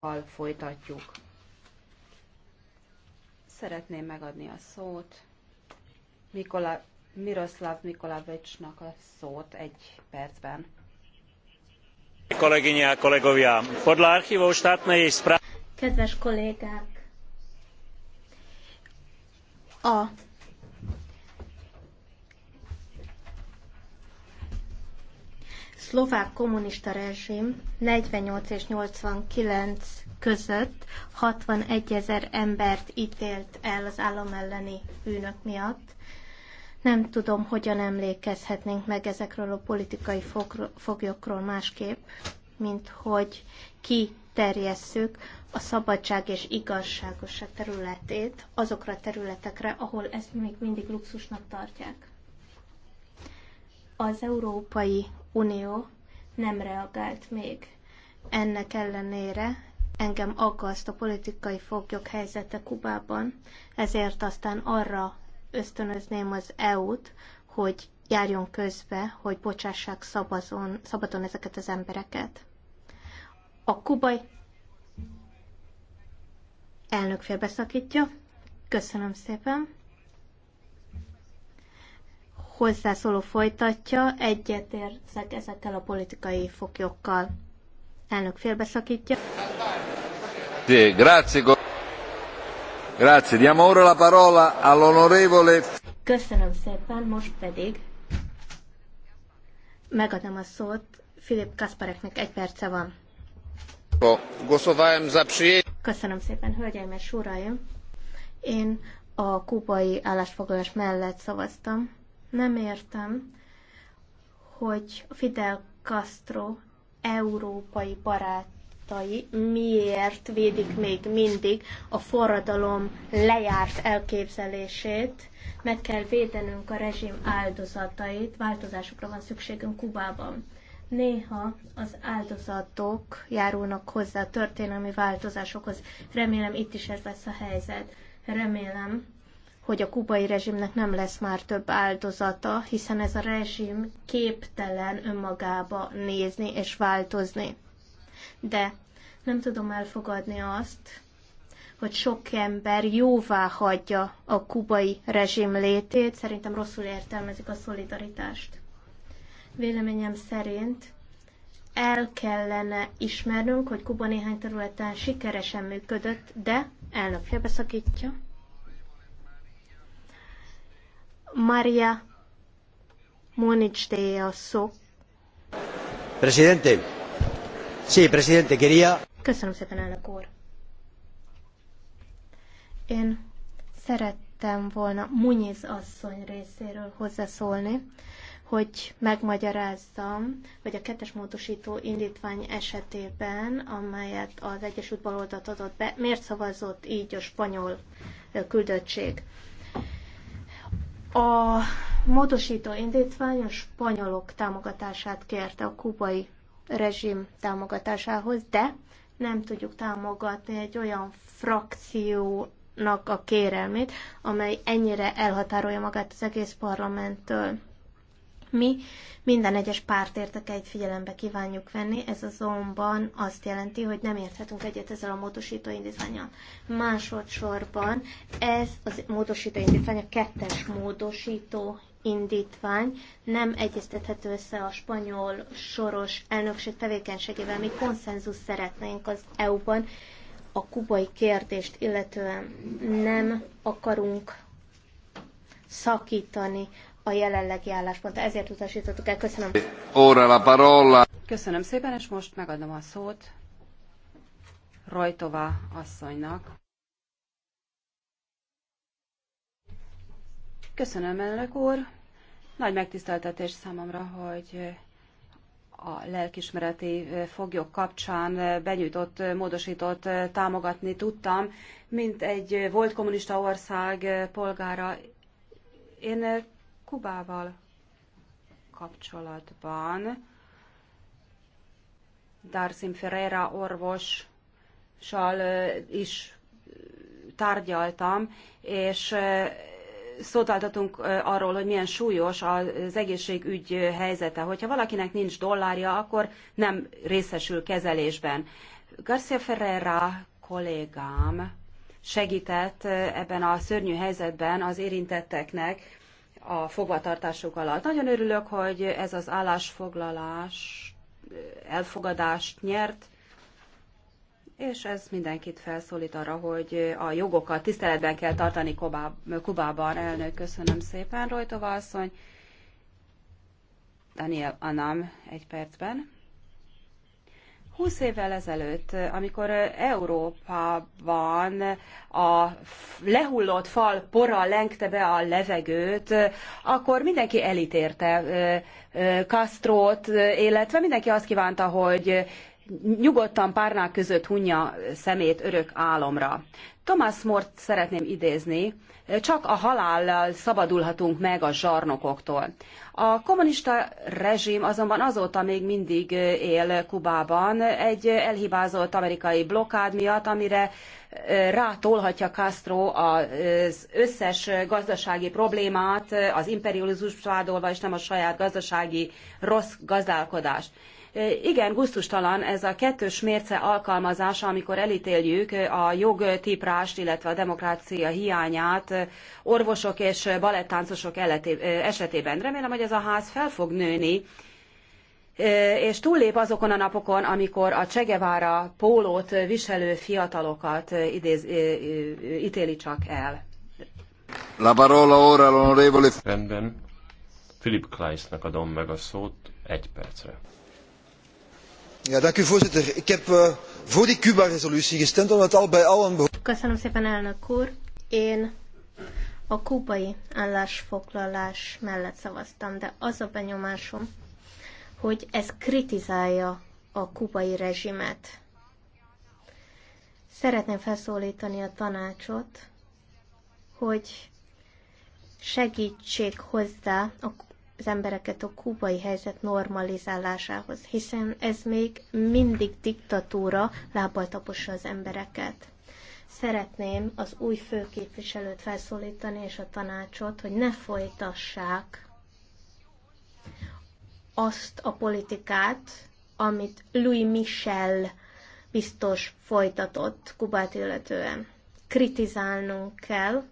Hal folytatjuk. Szeretném megadni a szót Mikola, Miroslav Mikolavicsnak a szót egy percben. Kolegyně a kolegovia, podle archívov štátnej správy... Kedves kollégák! A szlovák kommunista rezsim 48 és 89 között 61 ezer embert ítélt el az állam elleni bűnök miatt. Nem tudom, hogyan emlékezhetnénk meg ezekről a politikai foglyokról másképp, mint hogy kiterjesszük a szabadság és igazságosság területét azokra a területekre, ahol ezt még mindig luxusnak tartják. Az Európai Unió nem reagált még. Ennek ellenére engem aggaszt a politikai foglyok helyzete Kubában, ezért aztán arra ösztönözném az EU-t, hogy járjon közbe, hogy bocsássák szabazon, szabadon ezeket az embereket. A kubai elnök félbeszakítja. Köszönöm szépen hozzászóló folytatja, egyetértek ezekkel a politikai foglyokkal. Elnök félbeszakítja. Sí, grazie. Grazie. Diamo ora la parola all'onorevole. Köszönöm szépen, most pedig megadom a szót Filip Kaspareknek egy perce van. Köszönöm szépen, hölgyeim és uraim! Én a kubai állásfoglalás mellett szavaztam nem értem, hogy Fidel Castro európai barátai miért védik még mindig a forradalom lejárt elképzelését. Meg kell védenünk a rezsim áldozatait, változásokra van szükségünk Kubában. Néha az áldozatok járulnak hozzá a történelmi változásokhoz. Remélem itt is ez lesz a helyzet. Remélem, hogy a kubai rezsimnek nem lesz már több áldozata, hiszen ez a rezsim képtelen önmagába nézni és változni. De nem tudom elfogadni azt, hogy sok ember jóvá hagyja a kubai rezsim létét. Szerintem rosszul értelmezik a szolidaritást. Véleményem szerint el kellene ismernünk, hogy Kuba néhány területen sikeresen működött, de elnök félbeszakítja. Maria de Presidente. presidente, quería... Köszönöm szépen, elnök úr. Én szerettem volna Munyiz asszony részéről hozzászólni, hogy megmagyarázzam, hogy a kettes módosító indítvány esetében, amelyet az Egyesült Baloldat adott be, miért szavazott így a spanyol küldöttség. A módosító indítvány a spanyolok támogatását kérte a kubai rezsim támogatásához, de nem tudjuk támogatni egy olyan frakciónak a kérelmét, amely ennyire elhatárolja magát az egész parlamenttől. Mi minden egyes párt egy figyelembe kívánjuk venni, ez azonban azt jelenti, hogy nem érthetünk egyet ezzel a módosító indítványal. Másodszorban ez az módosító indítvány, a kettes módosító indítvány nem egyeztethető össze a spanyol soros elnökség tevékenységével. Mi konszenzus szeretnénk az EU-ban a kubai kérdést, illetően nem akarunk szakítani a jelenlegi álláspont. Ezért utasítottuk el. Köszönöm. Ora la parola. Köszönöm szépen, és most megadom a szót Rojtová asszonynak. Köszönöm, elnök úr. Nagy megtiszteltetés számomra, hogy a lelkismereti foglyok kapcsán benyújtott, módosított támogatni tudtam, mint egy volt kommunista ország polgára. Én Kubával kapcsolatban Darcin Ferreira orvossal is tárgyaltam, és szót adtunk arról, hogy milyen súlyos az egészségügy helyzete. Hogyha valakinek nincs dollárja, akkor nem részesül kezelésben. Garcia Ferreira kollégám segített ebben a szörnyű helyzetben az érintetteknek, a fogvatartásuk alatt. Nagyon örülök, hogy ez az állásfoglalás eh, elfogadást nyert, és ez mindenkit felszólít arra, hogy a jogokat tiszteletben kell tartani Kubában. Elnök, köszönöm szépen, Rojtova asszony. Daniel Anam egy percben. 20 évvel ezelőtt, amikor Európában a lehullott fal pora lengte be a levegőt, akkor mindenki elítérte Castrót, illetve mindenki azt kívánta, hogy nyugodtan párnák között hunja szemét örök álomra. Thomas Mort szeretném idézni, csak a halállal szabadulhatunk meg a zsarnokoktól. A kommunista rezsim azonban azóta még mindig él Kubában egy elhibázott amerikai blokkád miatt, amire rátolhatja Castro az összes gazdasági problémát, az imperializmus vádolva, és nem a saját gazdasági rossz gazdálkodást. Eh, igen, guztustalan ez a kettős mérce alkalmazása, amikor elítéljük eh, a jogtiprást, illetve a demokrácia hiányát eh, orvosok és balettáncosok esetében. Remélem, hogy ez a ház fel fog nőni, és túllép azokon a napokon, amikor a Csegevára pólót viselő fiatalokat idéz, ítéli csak el. La parola ora l'onorevole... Rendben. Philip Kleissnak adom meg a szót egy percre voorzitter ik heb eh, voor die cuba resolutie gestemd omdat al bij al een. köszönöm elnök úr a kubai állásfoglalás mellett szavaztam az a benyomásom hogy ez kritizálja a kubai rezsimet. Szeretném felszólítani a tanácsot, hogy segítsék hozzá a az embereket a kubai helyzet normalizálásához, hiszen ez még mindig diktatúra lábbal tapossa az embereket. Szeretném az új főképviselőt felszólítani és a tanácsot, hogy ne folytassák azt a politikát, amit Louis Michel biztos folytatott Kubát illetően. Kritizálnunk kell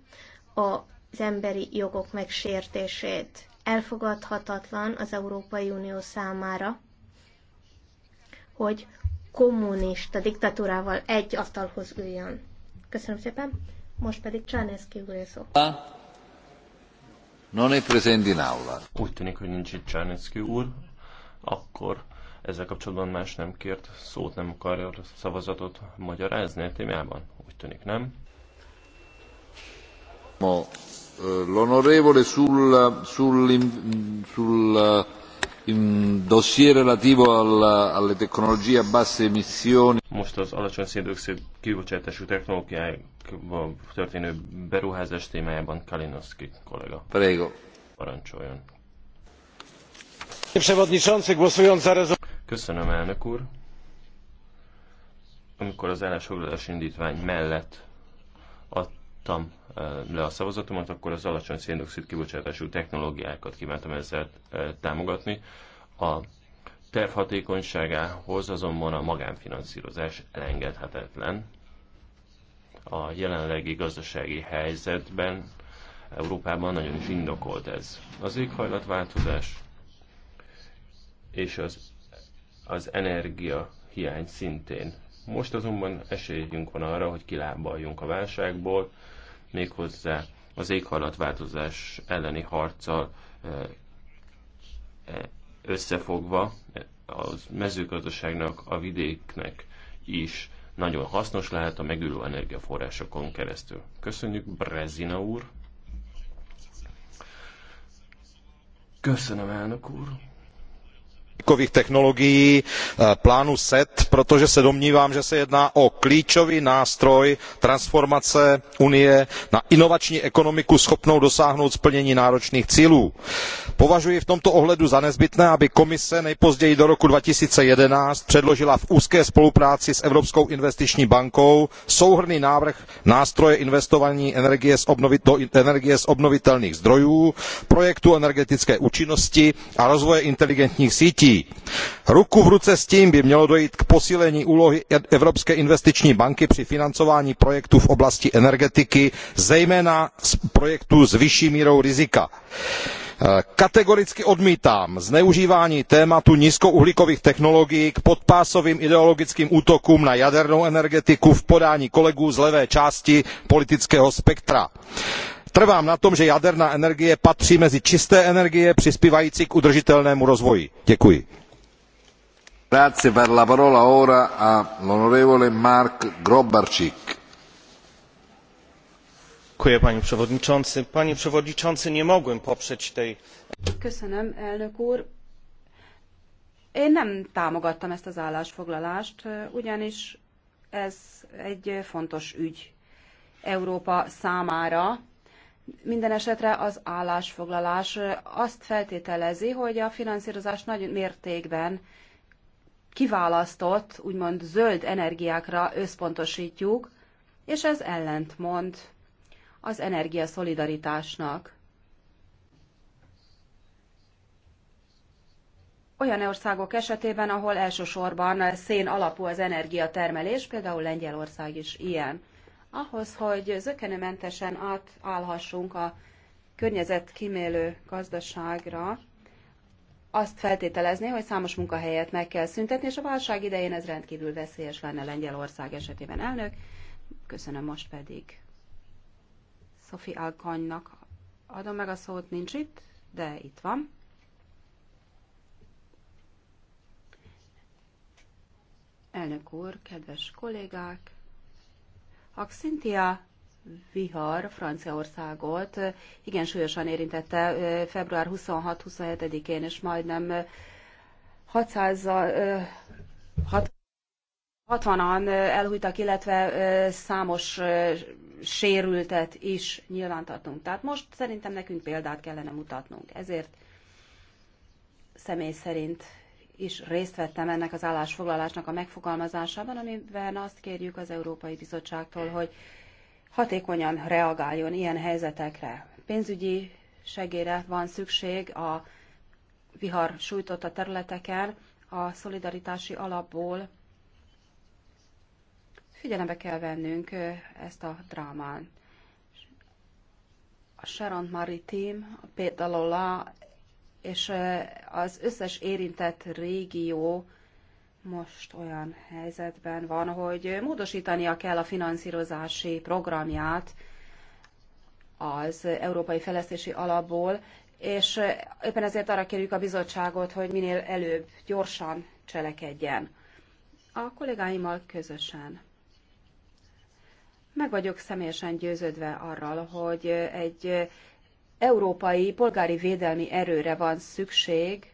az emberi jogok megsértését elfogadhatatlan az Európai Unió számára, hogy kommunista diktatúrával egy asztalhoz üljön. Köszönöm szépen. Most pedig Csáneszki úr szó. Non è presente in aula. Úgy tűnik, hogy nincs itt Csáneszki úr. Akkor ezzel kapcsolatban más nem kért szót, nem akarja a szavazatot magyarázni a témában? Úgy tűnik, nem? Ma l'onorevole sul, dossier relativo alla, alle tecnologie a basse emissioni. Most az alacsony széndiokszid kibocsátású technológiákba történő beruházás témájában Kalinowski kollega. Prego. Parancsoljon. Köszönöm, elnök úr. Amikor az állásfoglalás indítvány mellett a adtam le a szavazatomat, akkor az alacsony széndiokszid kibocsátású technológiákat kívántam ezzel támogatni. A terv hatékonyságához azonban a magánfinanszírozás elengedhetetlen. A jelenlegi gazdasági helyzetben Európában nagyon is indokolt ez. Az éghajlatváltozás és az, az energia hiány szintén most azonban esélyünk van arra, hogy kilábaljunk a válságból, méghozzá az éghajlatváltozás elleni harccal eh, eh, összefogva a mezőgazdaságnak, a vidéknek is nagyon hasznos lehet a megülő energiaforrásokon keresztül. Köszönjük, Brezina úr! Köszönöm, elnök úr! špičkových technologií eh, plánu set protože se domnívám že se jedná o klíčový nástroj transformace unie na inovační ekonomiku schopnou dosáhnout splnění náročných cílů. považuji v tomto ohledu za nezbytné aby komise nejpozději do roku two thousand and eleven předložila v úzké spolupráci s evropskou investiční bankou souhrnný návrh nástroje investování do energie z obnovitelných zdrojů projektů energetické účinnosti a rozvoje inteligentních sítí ruku v ruce s tím by mělo dojít k posílení úlohy e- evropské investiční banky při financování projektů v oblasti energetiky zejména projektů s vyšší mírou rizika e, kategoricky odmítám zneužívání tématu nízkouhlíkových technologií k podpásovým ideologickým útokům na jadernou energetiku v podání kolegů z levé části politického spektra trvám na tom že jaderná energie patří mezi čisté energie přispívající k udržitelnému rozvoji. děkuji. Dziękuję, panie przewodniczący! panie przewodniczący! nie mogłem poprzeć tej. köszönöm elnök úr én nem támogattam ezt az állásfoglalást ugyanis ez egy fontos ügy európa számára. Minden esetre az állásfoglalás azt feltételezi, hogy a finanszírozás nagy mértékben kiválasztott, úgymond zöld energiákra összpontosítjuk, és ez ellentmond az energiaszolidaritásnak. Olyan országok esetében, ahol elsősorban szén alapú az energiatermelés, például Lengyelország is ilyen ahhoz, hogy zökenőmentesen átállhassunk a környezetkímélő gazdaságra, azt feltételezni, hogy számos munkahelyet meg kell szüntetni, és a válság idején ez rendkívül veszélyes lenne Lengyelország esetében elnök. Köszönöm most pedig. Szofi Alkanynak adom meg a szót, nincs itt, de itt van. Elnök úr, kedves kollégák! A Xintia vihar Franciaországot igen súlyosan érintette február 26-27-én, és majdnem 600 60-an elhújtak, illetve számos sérültet is nyilvántartunk. Tehát most szerintem nekünk példát kellene mutatnunk. Ezért személy szerint is részt vettem ennek az állásfoglalásnak a megfogalmazásában, amiben azt kérjük az Európai Bizottságtól, hogy hatékonyan reagáljon ilyen helyzetekre. Pénzügyi segélyre van szükség a vihar sújtotta területeken, a szolidaritási alapból figyelembe kell vennünk ezt a drámán. A Sharon Maritim, a Pédalola és az összes érintett régió most olyan helyzetben van, hogy módosítania kell a finanszírozási programját az Európai Fejlesztési Alapból, és éppen ezért arra kérjük a bizottságot, hogy minél előbb gyorsan cselekedjen. A kollégáimmal közösen. Meg vagyok személyesen győződve arról, hogy egy európai polgári védelmi erőre van szükség,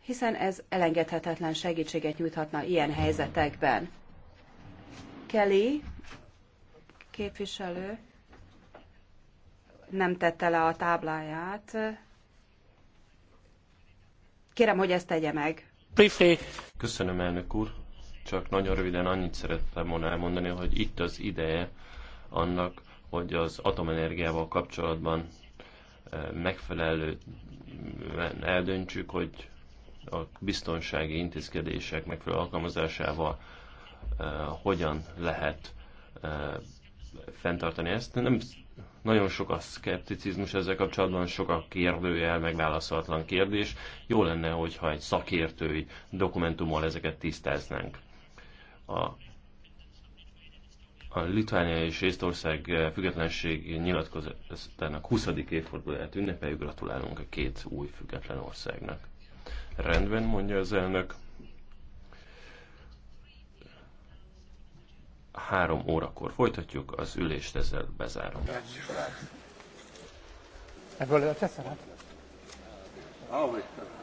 hiszen ez elengedhetetlen segítséget nyújthatna ilyen helyzetekben. Kelly képviselő nem tette le a tábláját. Kérem, hogy ezt tegye meg. Briefly. Köszönöm, elnök úr. Csak nagyon röviden annyit szerettem volna elmondani, hogy itt az ideje annak, hogy az atomenergiával kapcsolatban eh, megfelelő eh, eldöntsük, hogy a biztonsági intézkedések megfelelő alkalmazásával eh, hogyan lehet fenntartani ezt. Nem nagyon sok a szkepticizmus ezzel kapcsolatban, sok a kérdőjel, megválaszolatlan kérdés. Jó lenne, hogyha egy szakértői dokumentummal ezeket tisztáznánk. A a Litvánia és Észtország függetlenség nyilatkozatának 20. évfordulóját ünnepeljük, gratulálunk a két új független országnak. Rendben, mondja az elnök. Három órakor folytatjuk, az ülést ezzel bezárom. Ebből a Ah, Ahogy.